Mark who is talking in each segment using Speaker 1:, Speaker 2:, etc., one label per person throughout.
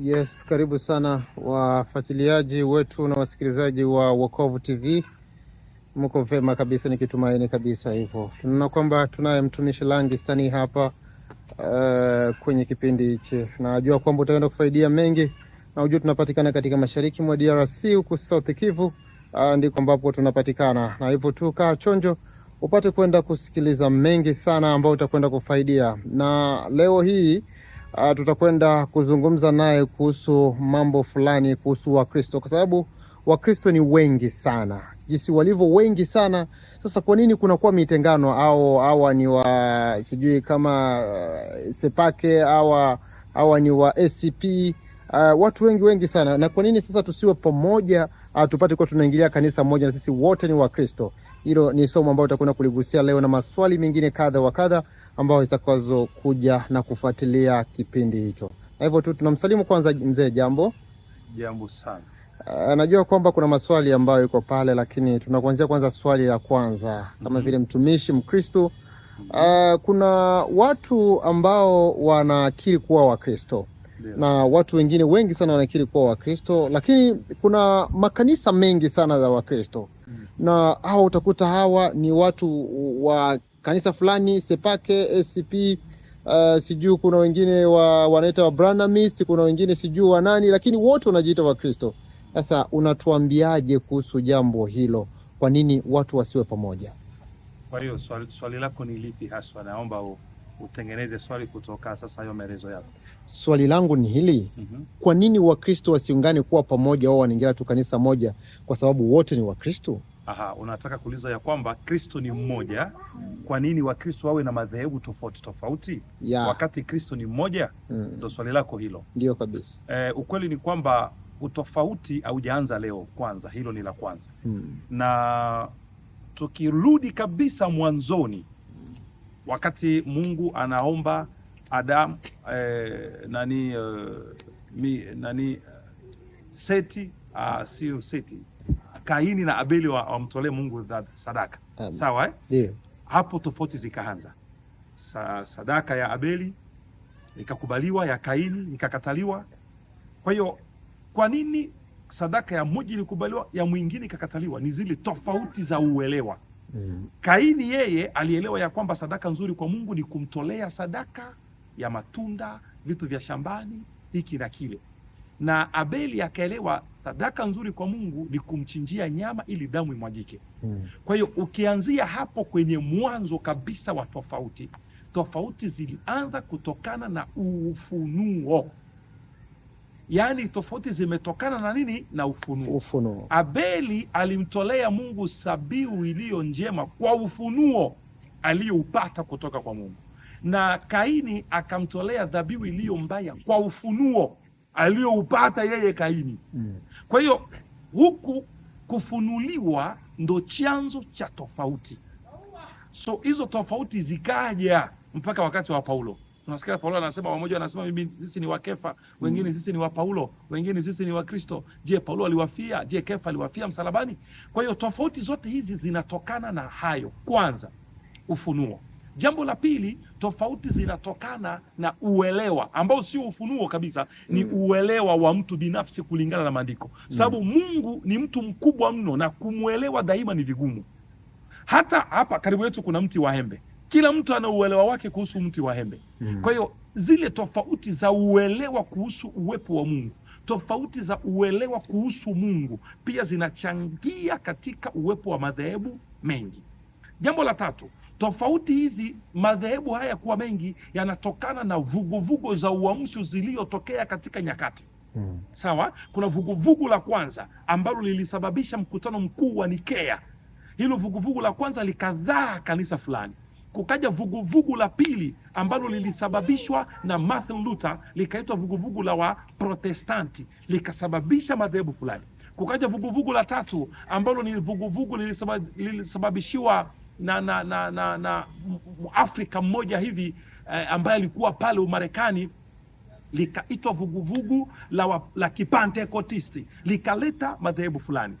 Speaker 1: Yes, karibu sana wafuatiliaji wetu na wasikilizaji wa Wokovu TV. Mko vema kabisa, nikitumaini kabisa hivyo. Tunaona kwamba tunaye mtumishi stani hapa uh, kwenye kipindi hichi. Najua kwamba utaenda kufaidia mengi. Najua tunapatikana katika mashariki mwa DRC huku South Kivu, uh, ndiko ambapo tunapatikana. Na hivyo tu kaa chonjo upate kwenda kusikiliza mengi sana ambayo utakwenda kufaidia. Na leo hii uh, tutakwenda kuzungumza naye kuhusu mambo fulani kuhusu Wakristo, kwa sababu Wakristo ni wengi sana, jinsi walivyo wengi sana. Sasa kwa nini kunakuwa mitengano, au hawa ni wa sijui kama uh, Sepake, awa hawa ni wa SCP uh, eh, watu wengi wengi sana, na kwa nini sasa tusiwe pamoja uh, tupate kuwa tunaingilia kanisa moja na sisi wote ni Wakristo? Hilo ni somo ambalo tutakwenda kuligusia leo na maswali mengine kadha wa kadha ambao kuja na kufuatilia kipindi hicho. Na hivyo tu tunamsalimu kwanza mzee, jambo
Speaker 2: jambo sana.
Speaker 1: Uh, najua kwamba kuna maswali ambayo yuko pale, lakini tunakuanzia kwanza swali la kwanza kama mm -hmm. vile mtumishi Mkristo Uh, kuna watu ambao wanakiri kuwa Wakristo Na watu wengine wengi sana wanakiri kuwa Wakristo, lakini kuna makanisa mengi sana za Wakristo mm. Na hawa utakuta hawa ni watu wa kanisa fulani Sepake SCP, uh, sijui kuna wengine wa, wanaita wa Branhamist, kuna wengine sijui wa nani, lakini wote wanajiita Wakristo. Sasa unatuambiaje kuhusu jambo hilo? Kwa nini watu wasiwe pamoja?
Speaker 2: Kwa hiyo swali, swali lako ni lipi haswa? Naomba utengeneze swali kutoka sasa hayo maelezo yako.
Speaker 1: Swali langu ni hili mm -hmm. Kwa nini Wakristo wasiungane kuwa pamoja? Wao wanaingia tu kanisa moja kwa sababu wote ni Wakristo?
Speaker 2: Aha, unataka kuuliza ya kwamba Kristo ni mmoja, kwa nini Wakristo wawe na madhehebu tofauti tofauti yeah. wakati Kristo ni mmoja mm. ndo mm. swali lako hilo. Ndio kabisa. Eh, ukweli ni kwamba utofauti haujaanza leo, kwanza hilo ni la kwanza mm. na tukirudi kabisa mwanzoni wakati Mungu anaomba Adam eh, nani, eh, mi, nani eh, Seti uh, sio Seti Kaini na Abeli wamtolee wa Mungu sadaka Amen. Sawa eh? Yeah. Hapo tofauti zikaanza. Sa, sadaka ya Abeli ikakubaliwa, ya Kaini ikakataliwa. Kwa hiyo kwa nini sadaka ya mmoja ilikubaliwa, ya mwingine ikakataliwa? Ni zile tofauti za uelewa mm. Kaini yeye alielewa ya kwamba sadaka nzuri kwa Mungu ni kumtolea sadaka ya matunda, vitu vya shambani, hiki na kile na Abeli akaelewa sadaka nzuri kwa Mungu ni kumchinjia nyama ili damu imwagike. Hmm. Kwa hiyo ukianzia hapo kwenye mwanzo kabisa wa tofauti, tofauti zilianza kutokana na ufunuo. Yaani tofauti zimetokana na nini? Na ufunuo. Ufunuo. Abeli alimtolea Mungu sabiu iliyo njema kwa ufunuo aliyoupata kutoka kwa Mungu, na Kaini akamtolea dhabihu iliyo mbaya kwa ufunuo aliyoupata yeye Kaini. Mm. Kwa hiyo huku kufunuliwa ndo chanzo cha tofauti. So hizo tofauti zikaja mpaka wakati wa Paulo. Unasikia Paulo anasema, wamoja wanasema mimi sisi ni wa Kefa, wengine mm. sisi ni wa Paulo, wengine sisi ni wa Kristo. Je, Paulo aliwafia? Je, Kefa aliwafia msalabani? Kwa hiyo tofauti zote hizi zinatokana na hayo, kwanza ufunuo Jambo la pili, tofauti zinatokana na uelewa ambao sio ufunuo kabisa, ni mm. uelewa wa mtu binafsi kulingana na maandiko, sababu mm. Mungu ni mtu mkubwa mno na kumwelewa daima ni vigumu. Hata hapa karibu yetu kuna mti wa embe, kila mtu ana uelewa wake kuhusu mti wa embe. Mm. Kwa hiyo zile tofauti za uelewa kuhusu uwepo wa Mungu tofauti za uelewa kuhusu Mungu pia zinachangia katika uwepo wa madhehebu mengi. Jambo la tatu, Tofauti hizi, madhehebu haya kuwa mengi yanatokana na vuguvugu vugu za uamsho ziliyotokea katika nyakati hmm. Sawa, kuna vuguvugu vugu la kwanza ambalo lilisababisha mkutano mkuu wa Nikea. Hilo vuguvugu la kwanza likadhaa kanisa fulani kukaja vuguvugu vugu la pili ambalo lilisababishwa na Martin Luther likaitwa vuguvugu la Waprotestanti likasababisha madhehebu fulani. Kukaja vuguvugu la tatu ambalo ni vuguvugu lilisababishiwa na na na, na, na Afrika mmoja hivi eh, ambaye alikuwa pale Umarekani likaitwa vuguvugu la, wa, la kipantekotisti likaleta madhehebu fulani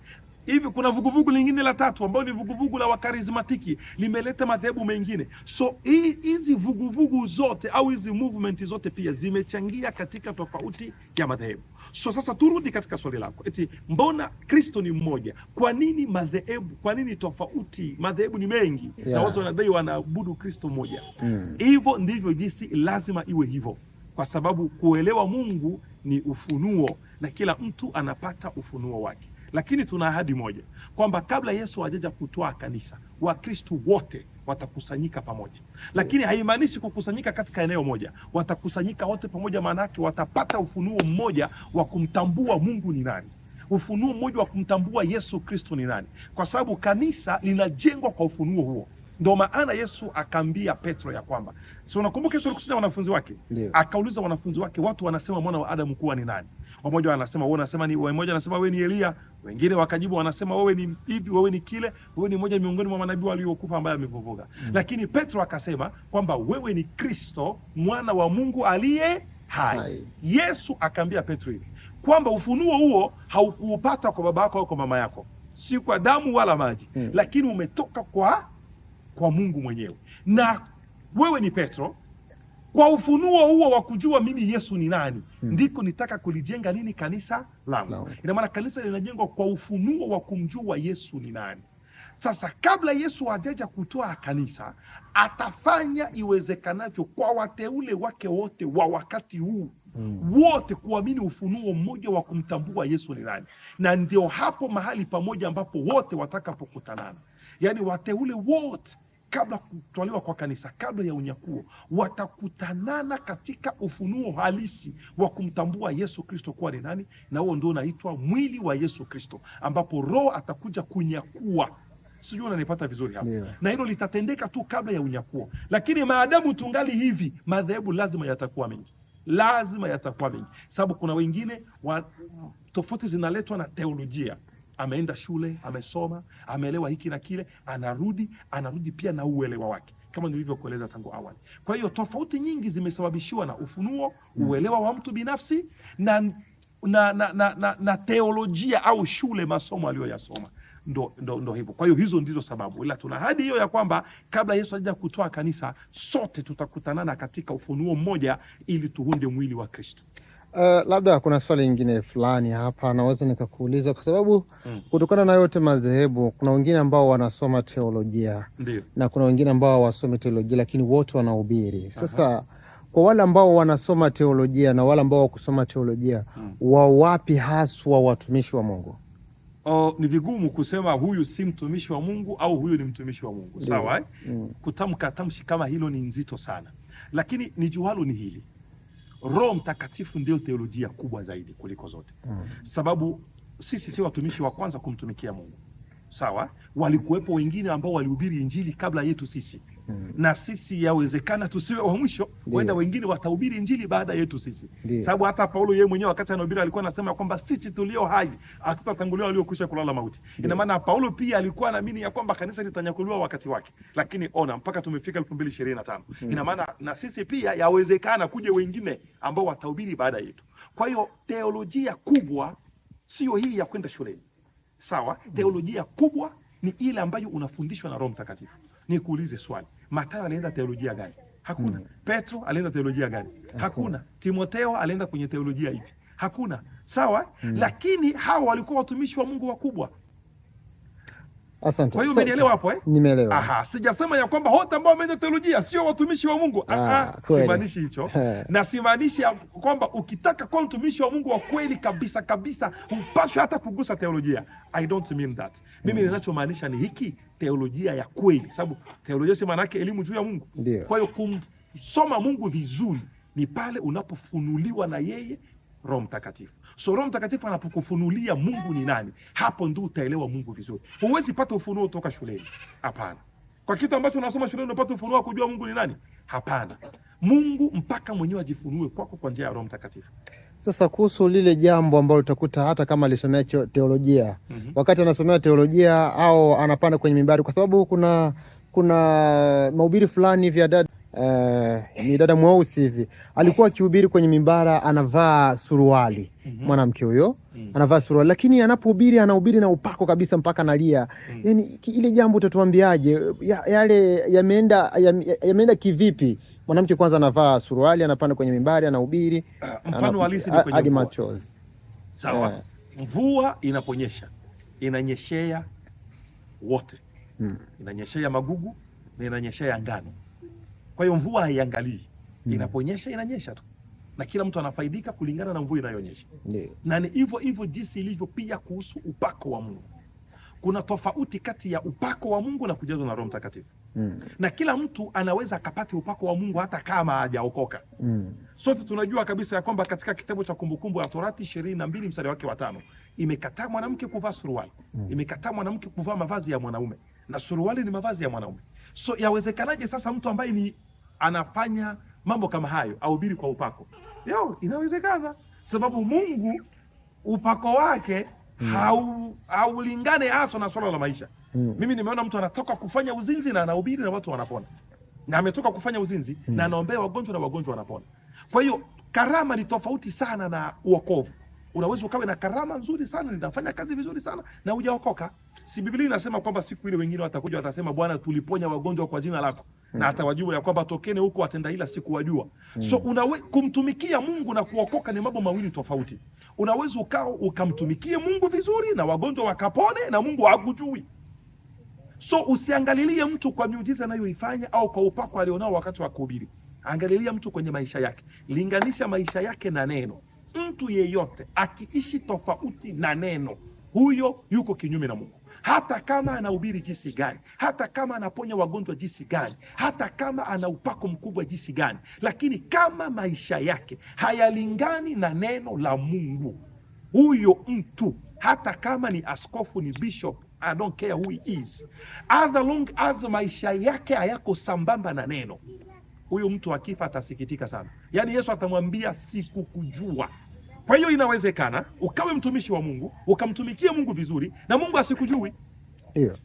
Speaker 2: hivi. Kuna vuguvugu lingine la tatu ambayo ni vuguvugu la wakarizmatiki limeleta madhehebu mengine. So hizi vuguvugu zote au hizi movement zote pia zimechangia katika tofauti ya madhehebu. So sasa turudi katika swali lako, eti mbona Kristo ni mmoja, kwa nini madhehebu, kwa nini tofauti? Madhehebu ni mengi yeah. na watu wanadai wanaabudu Kristo mmoja mm. hivyo mm. ndivyo jinsi lazima iwe hivyo, kwa sababu kuelewa Mungu ni ufunuo na kila mtu anapata ufunuo wake, lakini tuna ahadi moja kwamba kabla Yesu hajaja kutoa kanisa, Wakristo wote watakusanyika pamoja lakini haimaanishi kukusanyika katika eneo moja. Watakusanyika wote pamoja, maana yake watapata ufunuo mmoja wa kumtambua Mungu ni nani, ufunuo mmoja wa kumtambua Yesu Kristo ni nani, kwa sababu kanisa linajengwa kwa ufunuo huo. Ndo maana Yesu akaambia Petro ya kwamba si unakumbuka, Yesu alikusanya wanafunzi wake, akauliza wanafunzi wake, watu wanasema mwana wa Adamu kuwa ni nani? Wamoja wanasema wewe, unasema ni wewe, mmoja anasema wewe ni Elia, wengine wakajibu wanasema, wewe ni hivi, wewe ni kile, wewe ni mmoja miongoni mwa manabii waliokufa ambaye amefufuka. mm. Lakini Petro akasema kwamba wewe ni Kristo mwana wa Mungu aliye hai, hai. Yesu akaambia Petro hivi kwamba ufunuo huo haukuupata kwa baba yako au kwa mama yako, si kwa damu wala maji mm. lakini umetoka kwa kwa Mungu mwenyewe, na wewe ni Petro kwa ufunuo huo wa kujua mimi Yesu ni nani hmm. ndiko nitaka kulijenga nini kanisa langu. Ina maana kanisa linajengwa kwa ufunuo wa kumjua Yesu ni nani. Sasa kabla Yesu hajaja kutoa kanisa, atafanya iwezekanavyo kwa wateule wake wote wa wakati huu hmm. wote kuamini ufunuo mmoja wa kumtambua Yesu ni nani, na ndio hapo mahali pamoja ambapo wote watakapokutanana, yaani wateule wote kabla kutolewa kwa kanisa, kabla ya unyakuo, watakutanana katika ufunuo halisi wa kumtambua Yesu Kristo kuwa ni nani, na huo ndio unaitwa mwili wa Yesu Kristo, ambapo Roho atakuja kunyakua. Sijui unanipata vizuri hapo yeah. Na hilo litatendeka tu kabla ya unyakuo, lakini maadamu tungali hivi, madhehebu lazima yatakuwa mengi, lazima yatakuwa mengi, sababu kuna wengine wa, tofauti zinaletwa na teolojia ameenda shule, amesoma, ameelewa hiki na kile, anarudi anarudi pia na uelewa wake, kama nilivyokueleza tangu awali. Kwa hiyo tofauti nyingi zimesababishiwa na ufunuo, hmm. uelewa wa mtu binafsi na, na, na, na, na, na teolojia au shule, masomo aliyoyasoma. Ndo, ndo, ndo hivyo. Kwa hiyo hizo ndizo sababu, ila tuna hadi hiyo ya kwamba kabla Yesu aja kutoa kanisa, sote tutakutanana katika ufunuo mmoja ili tuunde mwili wa Kristo.
Speaker 1: Uh, labda kuna swali lingine fulani hapa naweza nikakuuliza kwa sababu mm. kutokana na yote madhehebu, kuna wengine ambao wanasoma teolojia Ndiyo. na kuna wengine ambao hawasomi teolojia lakini wote wanahubiri. Sasa Aha. kwa wale ambao wanasoma teolojia na wale ambao wakusoma teolojia mm. wa wapi haswa watumishi wa Mungu?
Speaker 2: O, ni vigumu kusema huyu si mtumishi wa Mungu au huyu ni mtumishi wa Mungu. Sawa, mm. kutamka tamshi kama hilo ni nzito sana, lakini ni juhalo ni hili Roho Mtakatifu ndio theolojia kubwa zaidi kuliko zote mm. Sababu sisi si watumishi wa kwanza kumtumikia Mungu, sawa? walikuwepo wengine ambao walihubiri injili kabla yetu sisi hmm. na sisi yawezekana tusiwe wa mwisho, huenda wengine watahubiri injili baada yetu sisi, sababu hata Paulo yeye mwenyewe wakati anahubiri alikuwa anasema kwamba sisi tulio hai hatutatangulia waliokwisha kulala mauti. Ina maana Paulo pia alikuwa anaamini ya kwamba kanisa litanyakuliwa wakati wake, lakini ona mpaka tumefika 2025 hmm. ina maana na sisi pia yawezekana kuje wengine ambao watahubiri baada yetu. Kwa hiyo teolojia kubwa sio hii ya kwenda shuleni, sawa? Hmm. Teolojia kubwa ni ile ambayo unafundishwa na Roho Mtakatifu. Nikuulize swali, Mathayo alienda teolojia gani? Hakuna. Hmm. Petro alienda teolojia gani? Hakuna. Timoteo alienda kwenye teolojia ipi? Hakuna. Sawa. Hmm. Lakini hawa walikuwa watumishi wa Mungu wakubwa. Asante. Kwa hiyo umenielewa hapo eh? Nimeelewa. Aha, sijasema ya kwamba wote ambao wameenda teolojia sio watumishi wa Mungu. Ah, ah, ah simaanishi hicho. Eh. Na simaanishi kwamba ukitaka kuwa mtumishi wa Mungu wa kweli kabisa kabisa hupaswi hata kugusa teolojia. I don't mean that. Mimi hmm, ninachomaanisha ni hiki teolojia ya kweli, sababu teolojia si maana yake elimu juu ya Mungu. Ndiyo. Kwa hiyo kumsoma Mungu vizuri ni pale unapofunuliwa na yeye Roho Mtakatifu. So Roho Mtakatifu anapokufunulia Mungu ni nani, hapo ndio utaelewa Mungu vizuri. Huwezi pata ufunuo toka shuleni, hapana. Kwa kitu ambacho unasoma shuleni unapata ufunuo wa kujua Mungu ni nani? Hapana. Mungu mpaka mwenyewe ajifunue kwako kwa njia ya Roho Mtakatifu.
Speaker 1: Sasa kuhusu lile jambo ambalo utakuta hata kama alisomea teolojia mm -hmm. wakati anasomea teolojia au anapanda kwenye mimbari, kwa sababu kuna kuna mahubiri fulani vya dada eh, ni dada mweusi hivi alikuwa akihubiri kwenye mimbara, anavaa suruali Mhm. mwanamke huyo mhm. anavaa suruali, lakini anapohubiri anahubiri na upako kabisa mpaka analia. Mhm. Yani ile jambo utatuambiaje? Yale yameenda yameenda kivipi? Mwanamke kwanza anavaa suruali, anapanda kwenye mimbari, anahubiri
Speaker 2: ah, hadi machozi. Sawa, eh. mvua inaponyesha inanyeshea wote, hmm. inanyeshea magugu na inanyeshea ngano. Kwa hiyo mvua haiangalii, hmm. inaponyesha inanyesha tu na kila mtu anafaidika kulingana na mvua inayonyesha yeah. Na ni hivyo hivyo jinsi ilivyo pia kuhusu upako wa Mungu. Kuna tofauti kati ya upako wa Mungu na kujazwa na Roho Mtakatifu mm. Na kila mtu anaweza akapata upako wa Mungu hata kama hajaokoka mm. Sote tunajua kabisa ya kwamba katika kitabu cha Kumbukumbu la Torati ishirini na mbili mstari wake wa tano imekataa mwanamke kuvaa suruali mm. Imekataa mwanamke kuvaa mavazi ya mwanaume na suruali ni mavazi ya mwanaume. So yawezekanaje sasa mtu ambaye ni anafanya mambo kama hayo ahubiri kwa upako? yo, inawezekana sababu Mungu upako wake mm. haulingane hau na swala la maisha mm. Mimi nimeona mtu anatoka kufanya uzinzi na anahubiri na watu wanapona, na ametoka kufanya uzinzi mm. na anaombea wagonjwa na wagonjwa wanapona. Kwa hiyo karama ni tofauti sana na uokovu. Unaweza ukawe na karama nzuri sana, ninafanya kazi vizuri sana na hujaokoka. Si Biblia inasema kwamba siku ile wengine watakuja watasema, Bwana, tuliponya wagonjwa kwa jina lako na hmm. atawajua ya kwamba tokeni huko watenda ila sikuwajua. Hmm. So unawe, kumtumikia Mungu na kuokoka ni mambo mawili tofauti. Unaweza ukao ukamtumikie Mungu vizuri na wagonjwa wakapone na Mungu akujui So usiangalilie mtu kwa miujiza anayoifanya au kwa upako alionao wakati wa kuhubiri. Angalilia mtu kwenye maisha yake, linganisha maisha yake na neno. Mtu yeyote akiishi tofauti na neno, huyo yuko kinyume na Mungu hata kama anahubiri jinsi gani, hata kama anaponya wagonjwa jinsi gani, hata kama ana upako mkubwa jinsi gani, lakini kama maisha yake hayalingani na neno la Mungu, huyo mtu hata kama ni askofu, ni bishop, I don't care who he is, as long as maisha yake hayako sambamba na neno, huyo mtu akifa atasikitika sana. Yaani Yesu atamwambia sikukujua. Kwa hiyo inawezekana ukawe mtumishi wa Mungu ukamtumikia Mungu vizuri na Mungu asikujui.
Speaker 1: Ndio.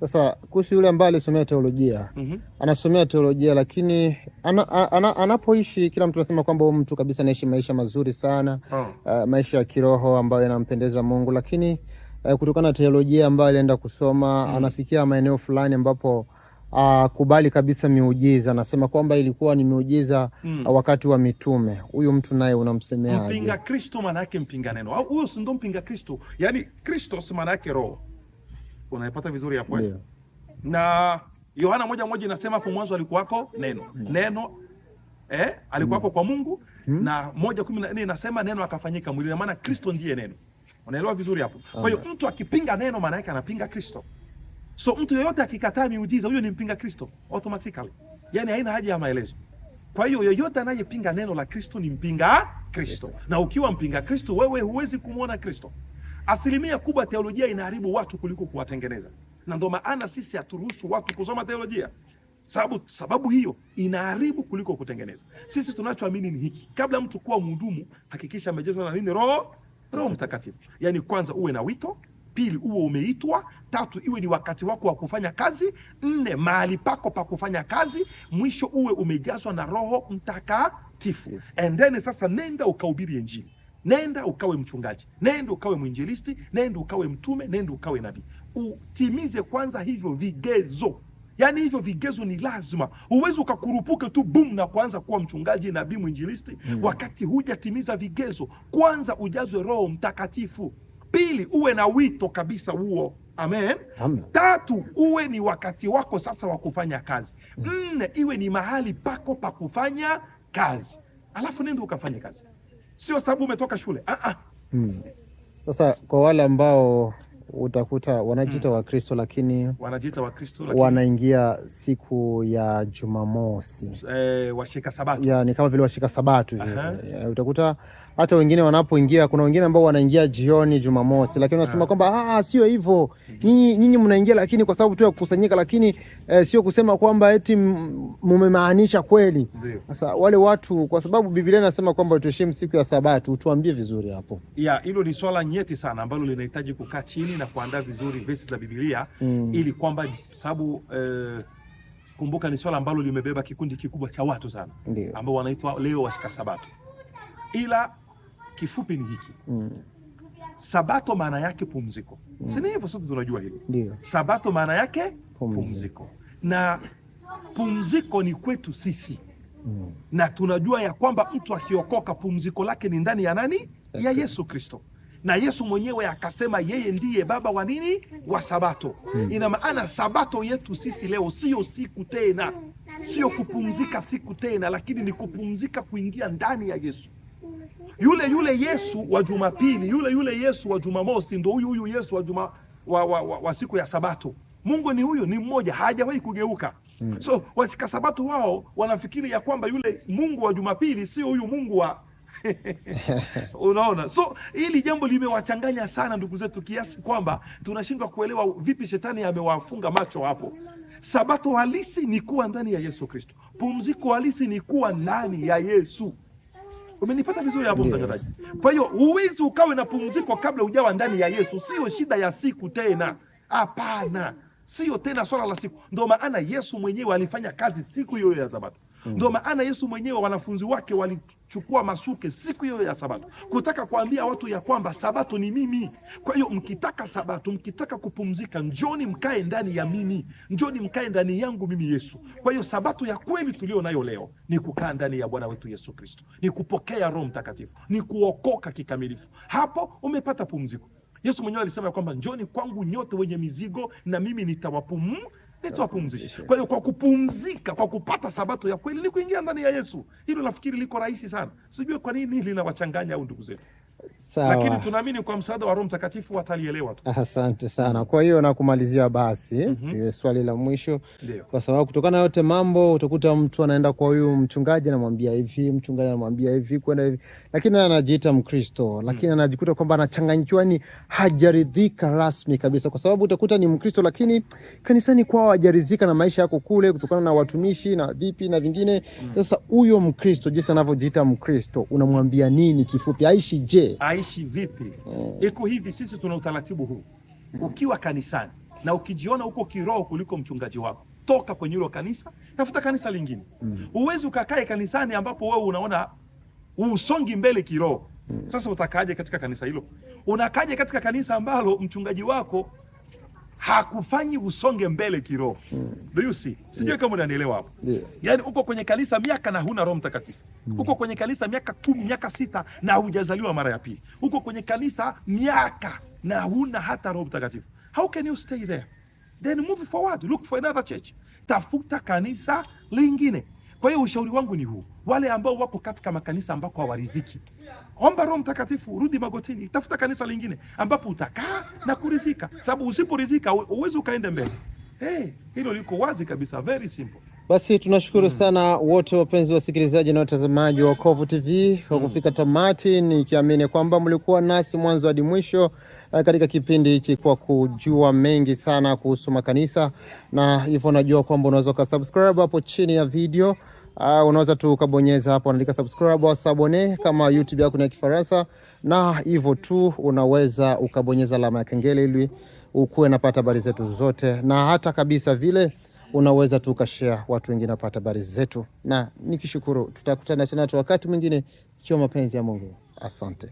Speaker 1: Sasa kuhusu yule ambaye alisomea teolojia mm -hmm. anasomea teolojia lakini ana, ana, anapoishi kila mtu anasema kwamba huyu mtu kabisa anaishi maisha mazuri sana oh. uh, maisha ya kiroho ambayo yanampendeza Mungu, lakini uh, kutokana na teolojia ambayo alienda kusoma mm -hmm. anafikia maeneo fulani ambapo uh, kubali kabisa miujiza. Anasema kwamba ilikuwa ni miujiza mm. Uh, wakati wa mitume. Huyu mtu naye unamsemea
Speaker 2: Mpinga Kristo maana yake mpinga neno, au huyo si mpinga Kristo? Yani Kristos maana yake roho. Unaipata vizuri hapo yeah. na Yohana moja moja inasema hapo mwanzo alikuwako neno yeah. neno eh, alikuwako mm. kwa Mungu mm. na moja kumi na nne inasema neno akafanyika mwili, maana Kristo ndiye neno. Unaelewa vizuri hapo. Kwa hiyo mtu akipinga neno maana yake anapinga Kristo. So mtu yeyote akikataa miujiza huyo ni mpinga Kristo automatically, yaani haina haja ya maelezo. Kwa hiyo yoyote anayepinga neno la Kristo ni mpinga Kristo, na ukiwa mpinga Kristo wewe huwezi kumwona Kristo. Asilimia kubwa teolojia inaharibu watu kuliko kuwatengeneza, na ndio maana sisi haturuhusu watu kusoma teolojia sababu, sababu hiyo inaharibu kuliko kutengeneza. Sisi tunachoamini ni hiki, kabla mtu kuwa mhudumu hakikisha amejazwa na nini? Roho Roho Mtakatifu. Yaani kwanza uwe na wito, pili uwe umeitwa Tatu, iwe ni wakati wako wa kufanya kazi. Nne, mahali pako pa kufanya kazi. Mwisho uwe umejazwa na Roho Mtakatifu. And then sasa nenda ukahubiri Injili, nenda ukawe mchungaji, nenda ukawe mwinjilisti, nenda ukawe mtume, nenda ukawe nabii. Utimize kwanza hivyo vigezo. Yaani hivyo vigezo ni lazima. Huwezi ukakurupuke tu bum na kuanza kuwa mchungaji, nabii, mwinjilisti mm. wakati hujatimiza vigezo. Kwanza ujazwe Roho Mtakatifu. Pili, uwe na wito kabisa huo Amen. Amen. Tatu, uwe ni wakati wako sasa wa kufanya kazi. Nne, iwe ni mahali pako pa kufanya kazi, alafu nenda ukafanya kazi, sio sababu umetoka shule ah -ah. Mm.
Speaker 1: Sasa kwa wale ambao utakuta wanajiita hmm, Wakristo lakini
Speaker 2: wanajiita Wakristo lakini
Speaker 1: wanaingia siku ya Jumamosi
Speaker 2: eh, washika Sabato,
Speaker 1: yaani kama vile washika Sabato hivi eh, utakuta hata wengine wanapoingia, kuna wengine ambao wanaingia jioni Jumamosi, lakini ah. wanasema kwamba ah, ah, sio hivyo, nyinyi nyinyi mnaingia lakini kwa sababu tu ya kukusanyika, lakini eh, sio kusema kwamba eti mmemaanisha kweli. Sasa wale watu, kwa sababu Biblia inasema kwamba tuheshimu siku ya Sabato, utuambie vizuri hapo.
Speaker 2: Yeah, hilo ni swala nyeti sana ambalo linahitaji kukaa chini na kuandaa vizuri vesi za Biblia mm. ili kwamba sababu eh, kumbuka ni swala ambalo limebeba kikundi kikubwa cha watu sana ambao wanaitwa leo washika Sabato ila kifupi ni hiki mm. Sabato maana yake pumziko mm. Sini hivyo sote tunajua hili ndio sabato maana yake pumziko, pumziko. Na pumziko ni kwetu sisi mm. Na tunajua ya kwamba mtu akiokoka pumziko lake ni ndani ya nani? Okay. Ya Yesu Kristo na Yesu mwenyewe akasema yeye ndiye baba wa nini? Wa sabato hmm. Ina maana sabato yetu sisi leo sio siku tena, sio kupumzika siku tena, lakini ni kupumzika kuingia ndani ya Yesu. Yule yule Yesu wa Jumapili, yule yule Yesu wa Jumamosi ndio huyu huyu Yesu wa, juma, wa, wa, wa, wa siku ya Sabato. Mungu ni huyu, ni mmoja, hajawahi kugeuka. Hmm. So washika Sabato wao wanafikiri ya kwamba yule Mungu wa Jumapili sio huyu Mungu wa Unaona, so hili jambo limewachanganya sana ndugu zetu kiasi kwamba tunashindwa kuelewa vipi shetani amewafunga macho hapo. Sabato halisi ni kuwa ndani ya Yesu Kristo. Pumziko halisi ni kuwa ndani ya Yesu. Umenipata vizuri hapo mtangazaji? Kwa hiyo huwezi ukawe na pumziko kabla ujawa ndani ya Yesu. Sio shida ya siku tena, hapana, sio tena swala la siku. Ndio maana Yesu mwenyewe alifanya kazi siku hiyo ya Sabato. Mm. Ndio maana Yesu mwenyewe wanafunzi wake wali chukua masuke siku hiyo ya Sabato, kutaka kuambia watu ya kwamba Sabato ni mimi. Kwa hiyo mkitaka Sabato, mkitaka kupumzika, njoni mkae ndani ya mimi, njoni mkae ndani yangu mimi Yesu. Kwa hiyo Sabato ya kweli tulio nayo leo ni kukaa ndani ya Bwana wetu Yesu Kristo, ni kupokea Roho Mtakatifu, ni kuokoka kikamilifu. Hapo umepata pumziko. Yesu mwenyewe alisema ya kwamba njoni kwangu nyote wenye mizigo, na mimi nitawapumu Letewa pumzi. Kwa hiyo kwa kupumzika, kwa kupata sabato ya kweli ni kuingia ndani ya Yesu. Hilo nafikiri liko rahisi sana, sijui kwa nini linawachanganya au ndugu zetu. Sawa. Lakini tunaamini kwa msaada wa Roho Mtakatifu watalielewa tu.
Speaker 1: Asante sana. Kwa hiyo na kumalizia basi mm -hmm. swali la mwisho Deo. Kwa sababu kutokana na yote mambo utakuta mtu anaenda kwa huyu mchungaji anamwambia hivi, mchungaji anamwambia hivi, kwenda hivi, lakini anajiita Mkristo mm. lakini mm. -hmm. anajikuta kwamba anachanganyikiwa, ni hajaridhika rasmi kabisa, kwa sababu utakuta ni Mkristo lakini kanisani kwao hajaridhika na maisha yako kule, kutokana na watumishi na vipi na vingine. Mm. Sasa mm. -hmm. huyo Mkristo jinsi anavyojiita Mkristo unamwambia nini kifupi, aishi je?
Speaker 2: Ay utaishi vipi? Eh. Iko hivi, sisi tuna utaratibu huu. Ukiwa kanisani na ukijiona uko kiroho kuliko mchungaji wako, toka kwenye hilo kanisa, tafuta kanisa lingine. Mm. uwezi ukakae kanisani ambapo wewe unaona usongi mbele kiroho. Mm. Sasa utakaje katika kanisa hilo? Unakaje katika kanisa ambalo mchungaji wako hakufanyi usonge mbele kiroho mm. Do you see? Sijui yeah. Kama unanielewa hapo yeah. Yaani uko kwenye kanisa miaka na huna Roho Mtakatifu mm. Uko kwenye kanisa miaka kumi, miaka sita na hujazaliwa mara ya pili. Uko kwenye kanisa miaka na huna hata Roho Mtakatifu. How can you stay there? Then move forward, look for another church. Tafuta kanisa lingine. Kwa hiyo ushauri wangu ni huu, wale ambao wako katika makanisa ambako hawariziki, omba Roho Mtakatifu, rudi magotini, tafuta kanisa lingine ambapo utakaa na kurizika, sababu usiporizika huwezi ukaenda mbele. Hey, hilo liko wazi kabisa, very simple.
Speaker 1: Basi tunashukuru mm. sana wote wapenzi wasikilizaji na watazamaji wa Kovu TV kwa hmm. kufika tamati, nikiamini kwamba mlikuwa nasi mwanzo hadi mwisho eh, katika kipindi hichi kwa kujua mengi sana kuhusu makanisa, na hivyo najua kwamba unaweza ukasubscribe hapo chini ya video. Uh, unaweza tu ukabonyeza hapo unaandika subscribe au sabone kama YouTube yako ni ya Kifaransa, na hivyo tu unaweza ukabonyeza alama ya kengele ili ukuwe napata habari zetu zote, na hata kabisa vile unaweza tu ukashare watu wengine wapata habari zetu, na nikishukuru, tutakutana tena tu wakati mwingine, ikiwa mapenzi ya Mungu. Asante.